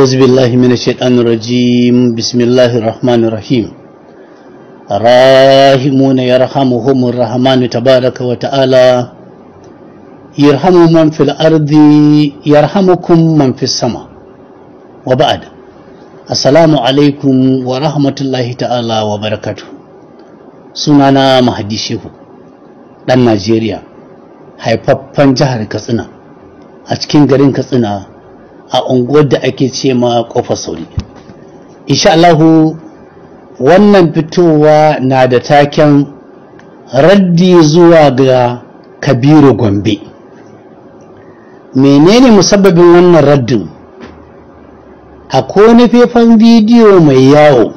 أعوذ بالله من الشيطان الرجيم بسم الله الرحمن الرحيم الراحمون يرحمهم الرحمن تبارك وتعالى يرحم من في الأرض يرحمكم من في السماء وبعد السلام عليكم ورحمة الله تعالى وبركاته sunana mahadi shehu ɗan najeriya haifaffen jihar katsina a cikin garin katsina a unguwar da ake ce ma kofar sauri insha Allahu wannan fitowa na da taken raddi zuwa ga kabiru gombe menene musabbabin wannan raddin akwai wani faifan bidiyo mai yawo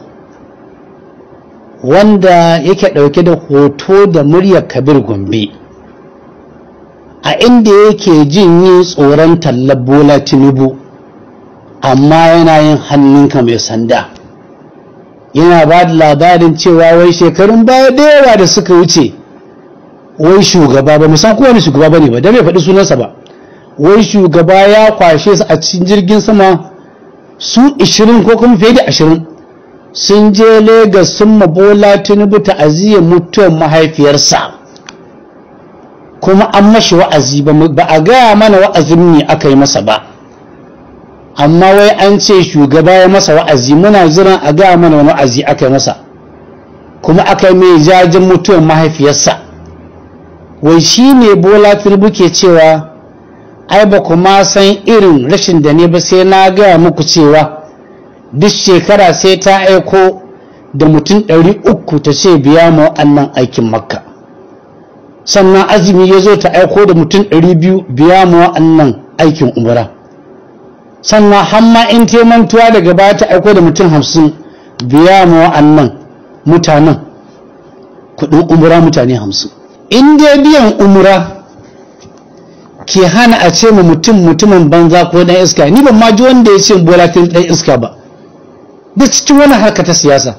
wanda yake ɗauke da hoto da muryar kabir gombe a inda yake jin yi tsoron tallar bola tinubu amma yana yin hannunka mai sanda yana ba da labarin cewa wai shekarun baya da yawa da suka wuce wai shugaba ba san kowane shugaba ba ne ba da bai faɗi sunansa ba wai shugaba ya kwashe su a cikin jirgin sama su 20 ko kuma fiye da 20 sun je Legas sun mabola tinubu aziyar mutuwar mahaifiyarsa kuma an mashi wa'azi ba a gaya mana wa'azin ne aka yi masa ba amma wai an ce shugaba ya masa wa'azi muna jiran a gaya mana wani wa'azi aka yi masa kuma aka yi mai jajin mutuwar mahaifiyarsa wai shi ne bola turbu ke cewa ai ba ma san irin rashin da ne ba sai na gaya muku cewa duk shekara sai ta aiko da mutum ɗari uku ta ce biya ma wa'annan aikin makka sannan azumi ya zo ta aiko da mutum ɗari biyu biya ma wa'annan aikin umra sannan hamma in taimantuwa mantuwa daga baya ta aiko da mutum hamsin biya ma wa'annan mutanen kudin umura mutane hamsin in dai biyan umura ke hana a ce ma mutum mutumin banza ko dan iska ni ban ma ji wanda ya ce bola dan iska ba duk cikin wani harka ta siyasa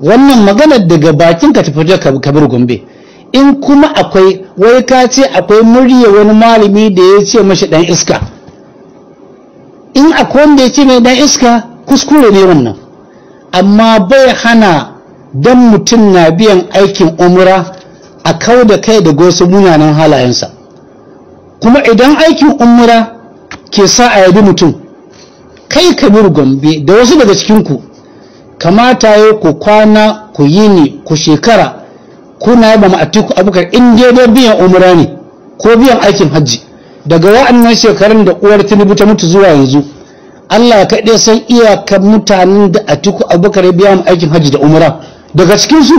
wannan magana daga bakin ka tafi da kabir gombe in kuma akwai wai ka ce akwai murya wani malami da ya ce mashi dan iska in akwai wanda ya ce mai dan iska kuskure ne wannan amma bai hana dan mutum na biyan aikin umra a kau da kai da gosu munanan halayensa kuma idan aikin umra ke sa a yabi mutum kai ka kabir gombe da wasu daga cikinku kamata ya ku kwana ku yi ni ku shekara kuna yaba ma'atiku abubakar in dai biyan umra ne ko biyan aikin hajji daga wa'annan shekarun da uwar tinubu ta mutu zuwa yanzu Allah kaɗai san iyakar mutanen da a tuku abubakar ya biya mu aikin hajji da umara daga cikinsu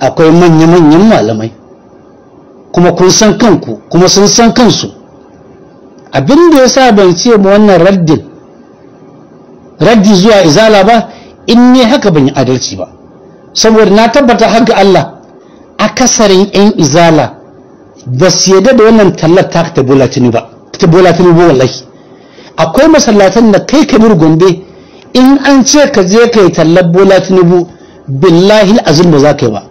akwai manya-manyan malamai kuma kun san kanku kuma sun san kansu abin da ya sa ban ce mu wannan raddin raddi zuwa izala ba in ne haka ban yi adalci ba saboda na tabbata haka Allah akasarin 'yan izala ba su yadda da wannan tallar ta ta bola ba ta bola ba wallahi akwai masallatan da kai kabir gombe in an ce ka je ka yi tallar bola bu billahi azim ba za ka yi ba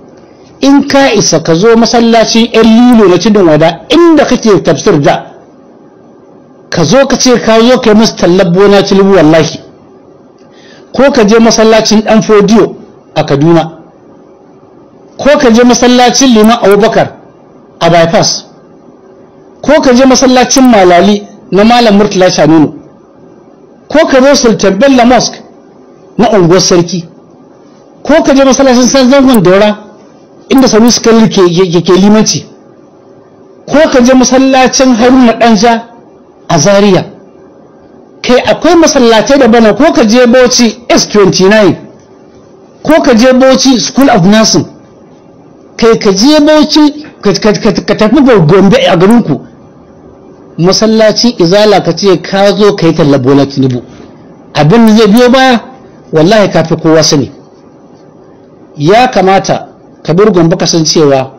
in ka isa ka zo masallacin yan lilo na cidin wada inda kake tafsir da ka zo ka ce ka zo ka yi musu tallar bola bu wallahi ko ka je masallacin dan fodiyo a kaduna ko ka je masallacin liman abubakar a bypass ko ka je masallacin malali na malam murtala shanunu ko ka zo sultan bello mosque na unguwar sarki ko ka je masallacin san zangon inda sanu suka ke limanci ko ka je masallacin haruna danja a zaria kai akwai masallacai da bana ko ka je bauchi s29 ko ka je bauchi school of nursing kai ka je bauchi ka tafi gombe a garinku masallaci izala ka ce ka zo ka yi talla bola tinubu abin da zai biyo baya wallahi ka fi kowa sani ya kamata ka bir gombe kasancewa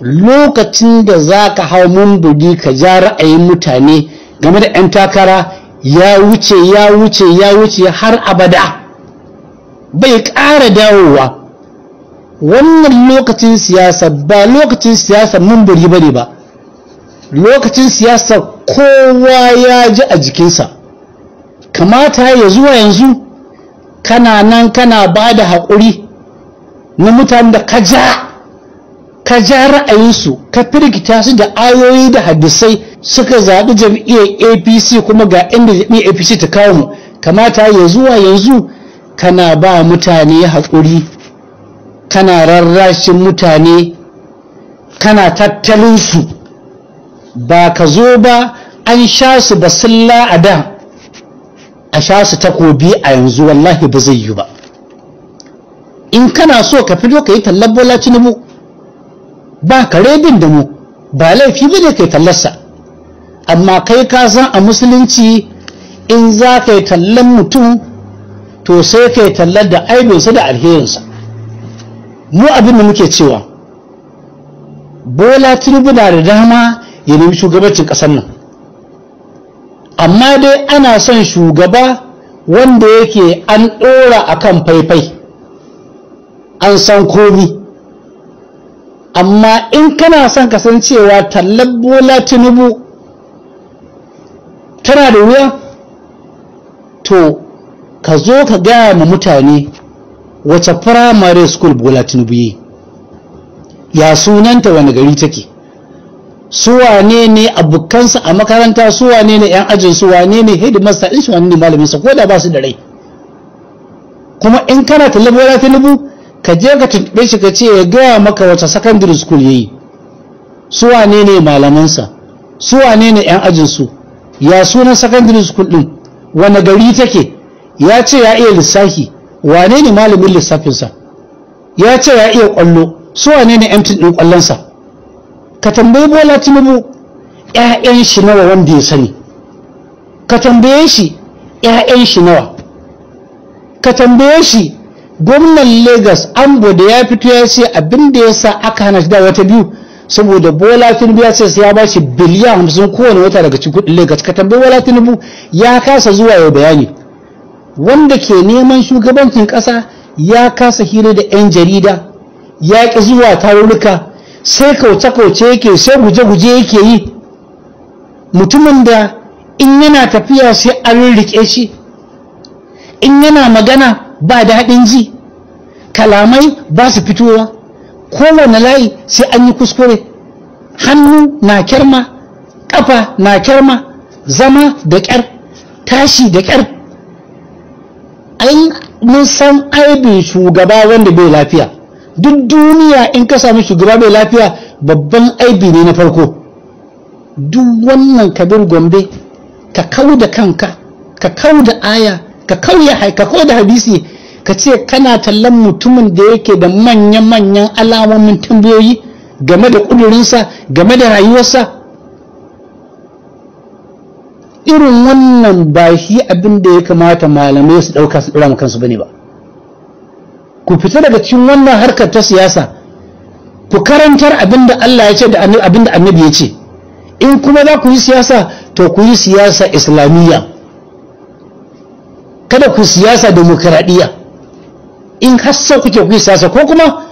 lokacin da za ka hau mumbudi ka ja ra'ayin mutane game da 'yan takara ya wuce ya wuce ya wuce har abada bai ƙara dawowa wannan lokacin siyasa ba lokacin siyasa mumburi bane ba lokacin siyasa kowa ya ji a jikinsa kamata ya zuwa yanzu kana nan kana ba da haƙuri na mutanen da ka ja ka ja ra'ayinsu ka firgita su da ayoyi da hadisai suka zaɓi jam'iyyar apc kuma ga inda jam'iyyar apc ta kawo mu kamata ya zuwa yanzu kana ba mutane haƙuri kana rarrashin mutane kana tattalinsu ba ka zo ba an sha su basilla a da a sha su takobi a yanzu wallahi ba zai yi ba in kana so ka fito ka yi tallar bola mu ba ka rebin da mu ba laifi ba ne ka yi tallarsa amma kai ka san a musulunci in za ka yi tallan mutum to sai ka yi tallar da aibinsa da alherinsa mu abin da muke cewa bola tinubu na da dama ya nemi shugabancin ƙasar nan amma dai ana son shugaba wanda yake an ɗora akan faifai an san komi amma in kana son kasancewa tallar bola tinubu tana da wuya to ka zo ka gaya ma mutane wace primary school bola tinubu yi ya sunanta wani gari take su wane ne abokansa a makaranta su wane ne yan ajin su wane ne headmaster din su ne malamin sa ko da ba su da rai kuma in kana talabu wala talabu ka je ka tuntube shi ka ce ya gaya maka wata secondary school yayi su wane ne malamin sa su wane ne yan ajin su ya sunan secondary school din wani gari take ya ce ya iya lissafi wane ne malamin lissafinsa ya ce ya iya kwallo su wane ne emtin ɗin kwallonsa ka tambayi bola tinubu ‘ya'yan shi nawa wanda ya sani ka tambaye shi ‘ya'yan shi nawa ka tambaye shi gwamnan lagos ambo da ya fito ya ce abin da ya sa aka hana shi da wata biyu saboda bola tinubu ya ce ya ba shi biliyan hamsin kowane wata daga cikin kudin lagos ka tambayi bola tinubu ya kasa zuwa yau bayani wanda ke neman shugabancin ƙasa ya kasa hira da 'yan jarida ya ƙi zuwa tarurruka sai kauce-kauce yake sai guje-guje yake yi mutumin da in yana tafiya sai an rike shi in yana magana ba daɗin ji kalamai ba su fitowa kowane layi sai an yi kuskure hannu na kyarma ƙafa na kyarma zama da ƙyar tashi da ƙyar ai mun san aibi shugaba wanda bai lafiya duk duniya in ka sami shugaba bai lafiya babban aibi ne na farko duk wannan kabir gombe ka kau da kanka ka kau da aya ka ya ka kau da hadisi ka ce kana tallan mutumin da yake da manya-manyan alamomin tambayoyi game da ƙudurinsa game da rayuwarsa irin wannan ba shi abin da ya kamata malamai su ɗauka su ɗora kansu bane ba ku fita daga cikin wannan harkar ta siyasa ku karantar abin da Allah ya ce da abin da annabi ya ce in kuma za ku yi siyasa to ku yi siyasa islamiyya kada ku siyasa demokradiyya in hassa kuke ku yi siyasa ko kuma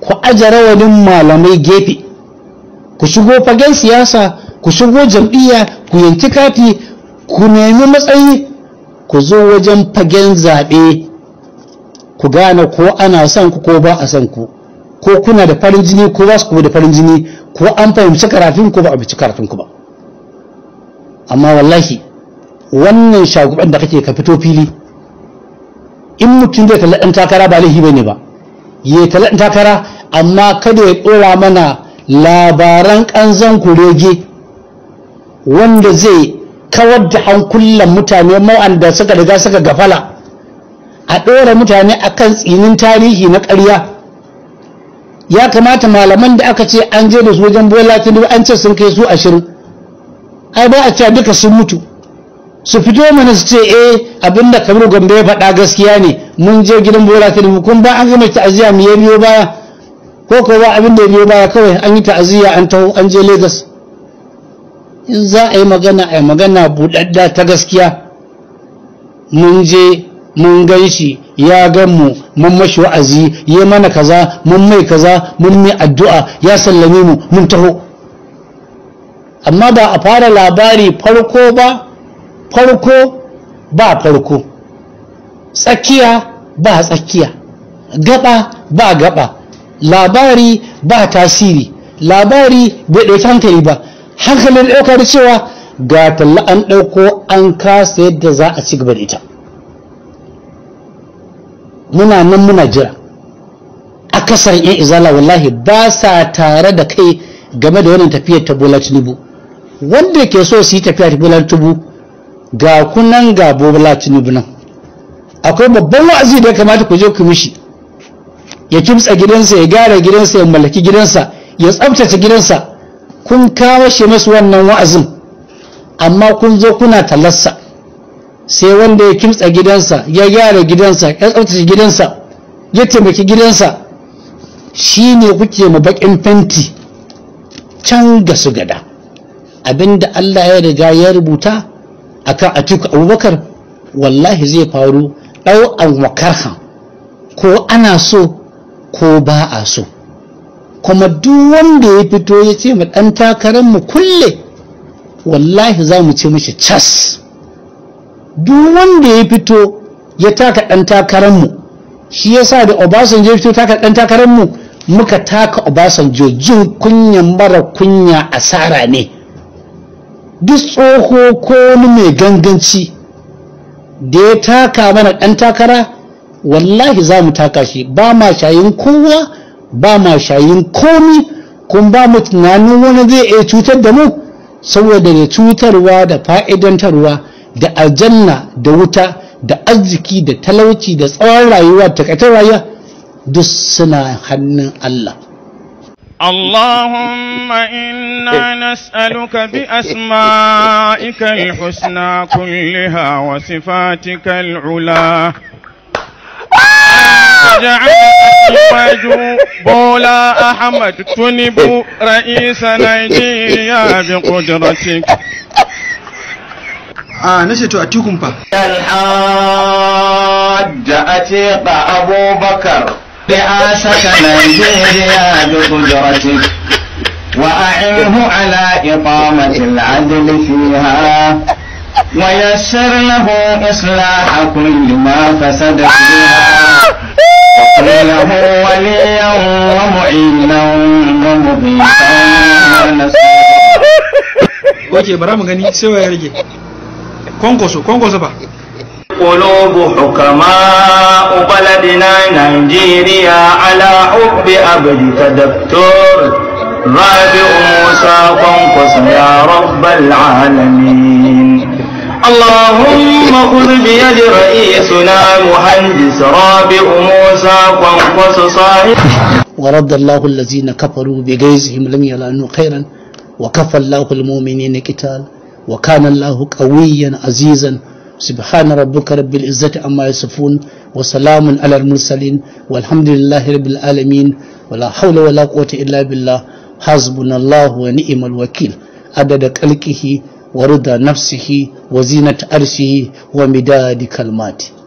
ku aje rawanin malamai gefe ku shigo fagen siyasa ku shigo jam'iyya ku yanki kati ku nemi matsayi ku zo wajen fagen zaɓe ku gane ko ana son ku ko ba a son ku ko kuna da farin jini ko za su kuma da farin jini ko an fahimci karafin ko ba a bici karafin ku ba amma wallahi wannan shaguban da kake ka fito fili in mutum zai kalli ɗan takara ba laifi bane ba ya kalli ɗan takara amma kada ya ɗora mana labaran ƙanzan kurege wanda zai kawar da hankulan mutane ma'anda suka riga suka gafala a ɗora mutane akan tsinin tarihi na ƙarya ya kamata malaman da aka ce an je da su wajen bola tinubu an ce sun kai su ashirin ai ba a cewa duka sun mutu su fito mana su ce eh abinda kamar gombe ya faɗa gaskiya ne mun je gidan bola tinubu kun ba an gama ta'aziyya mu ya biyo baya ko ko ba abin da ya biyo baya kawai an yi ta'aziyya an taho an je lagos in za a yi magana a yi magana buɗaɗɗa ta gaskiya mun je mun gan shi ya gan mu mun mashi wa'azi ya mana kaza mun mai kaza mun mai addu'a ya sallame mu mun taho amma ba a fara labari farko ba farko ba farko tsakiya ba tsakiya gaba ba gaba labari ba tasiri labari bai ɗauki hankali ba hankalin ɗaukar cewa ga talla an ɗauko an kasa yadda za a ci gaba da ita muna nan muna jira a kasar yan izala wallahi ba sa tare da kai game da wannan tafiyar ta bola tinubu wanda ke so su yi tafiya ta bola tinubu ga kunan ga bola tinubu nan akwai babban wa'azi da ya kamata ku je ku mishi ya kimtsa gidansa ya gyara gidansa ya mallaki gidansa ya tsabtace gidansa kun kawo shi masu wannan wa'azin amma kun zo kuna talarsa, sai wanda ya kimtsa gidansa ya gyara gidansa ya tsaftace gidansa ya taimaki gidansa shi ne kuke ma baƙin fenti can ga su gada abinda Allah ya riga ya rubuta a akan Atiku Abubakar wallahi zai faru ɗau'an wakarha ko ana so ko ba a so kuma duk wanda ya fito ya ce mu ɗan takarar mu kulle wallahi za mu ce mishi cas duk wanda ya fito ya taka ɗan takarar mu shi yasa da obasanjo ya fito taka ɗan takarar mu muka taka obasanjo jin kunyan mara kunya asara ne duk tsoho ko wani mai ganganci da ya taka mana ɗan takara wallahi za mu taka shi ba ma shayin kowa ba ma shayin komi kun ba mu tunanin wani zai iya cutar da mu saboda da cutarwa da fa'idantarwa da aljanna da wuta da arziki da talauci da tsawon rayuwa takaitar rayuwa duk suna hannun Allah اللهم إنا نسألك بأسمائك الحسنى كلها وصفاتك العلى واجعل أحمد bola ahmad تنب raisa نيجيريا بقدرتك a na to a pa. fa alhajja a ce abubakar bi a saka najeriya bi kujarati wa a'inhu ala iqamati al'adl fiha wa yassir lahu islaha kulli له وليا ومعينا ومبيتا Oke, bara mu gani sai ya rage. Konkoso, konkoso ba. قلوب حكماء بلدنا نيجيريا على حب أبدك دكتور رابع موسى قنقص يا رب العالمين اللهم خذ بيد رئيسنا مهندس رابع موسى وانقص صاحب ورد الله الذين كفروا بغيظهم لم يلعنوا خيرا وكفى الله المؤمنين قتال وكان الله قويا عزيزا سبحان ربك رب العزة عما يصفون وسلام على المرسلين والحمد لله رب العالمين ولا حول ولا قوة إلا بالله حسبنا الله ونعم الوكيل عدد قلقه ورضا نفسه وزينة أرشه ومداد كلماته